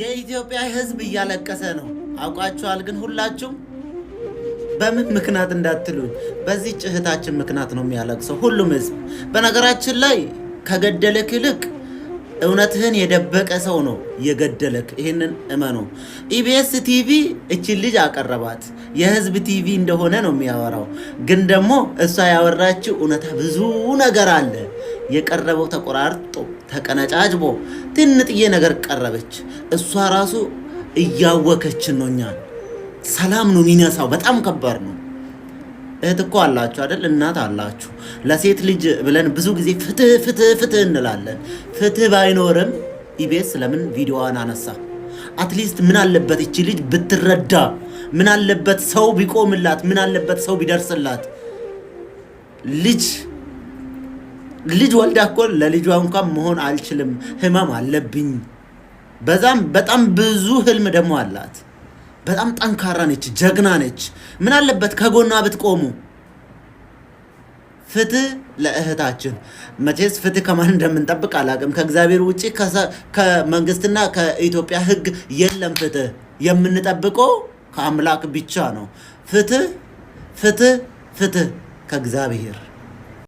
የኢትዮጵያ ሕዝብ እያለቀሰ ነው። አውቃችኋል። ግን ሁላችሁም በምን ምክንያት እንዳትሉኝ፣ በዚህ ጭህታችን ምክንያት ነው የሚያለቅሰው ሁሉም ሕዝብ። በነገራችን ላይ ከገደለክ ይልቅ እውነትህን የደበቀ ሰው ነው የገደለክ። ይህንን እመኑ። ኢቢኤስ ቲቪ እችን ልጅ አቀረባት። የህዝብ ቲቪ እንደሆነ ነው የሚያወራው፣ ግን ደግሞ እሷ ያወራችው እውነታ ብዙ ነገር አለ። የቀረበው ተቆራርጦ ተቀነጫጭቦ ትንጥዬ ነገር ቀረበች። እሷ ራሱ እያወከችን ነው። እኛ ሰላም ነው የሚነሳው። በጣም ከባድ ነው። እህት እኮ አላችሁ አይደል? እናት አላችሁ። ለሴት ልጅ ብለን ብዙ ጊዜ ፍትህ ፍትህ ፍትህ እንላለን። ፍትህ ባይኖርም ኢቢኤስ ለምን ቪዲዮዋን አነሳ? አትሊስት ምን አለበት እቺ ልጅ ብትረዳ? ምን አለበት ሰው ቢቆምላት? ምን አለበት ሰው ቢደርስላት? ልጅ ልጅ ወልዳ እኮ ለልጇ እንኳን መሆን አልችልም፣ ህመም አለብኝ። በዛም በጣም ብዙ ህልም ደግሞ አላት። በጣም ጠንካራ ነች፣ ጀግና ነች። ምን አለበት ከጎኗ ብትቆሙ። ፍትህ ለእህታችን። መቼስ ፍትህ ከማን እንደምንጠብቅ አላውቅም። ከእግዚአብሔር ውጭ ከመንግስትና ከኢትዮጵያ ህግ የለም ፍትህ። የምንጠብቀው ከአምላክ ብቻ ነው። ፍትህ፣ ፍትህ፣ ፍትህ ከእግዚአብሔር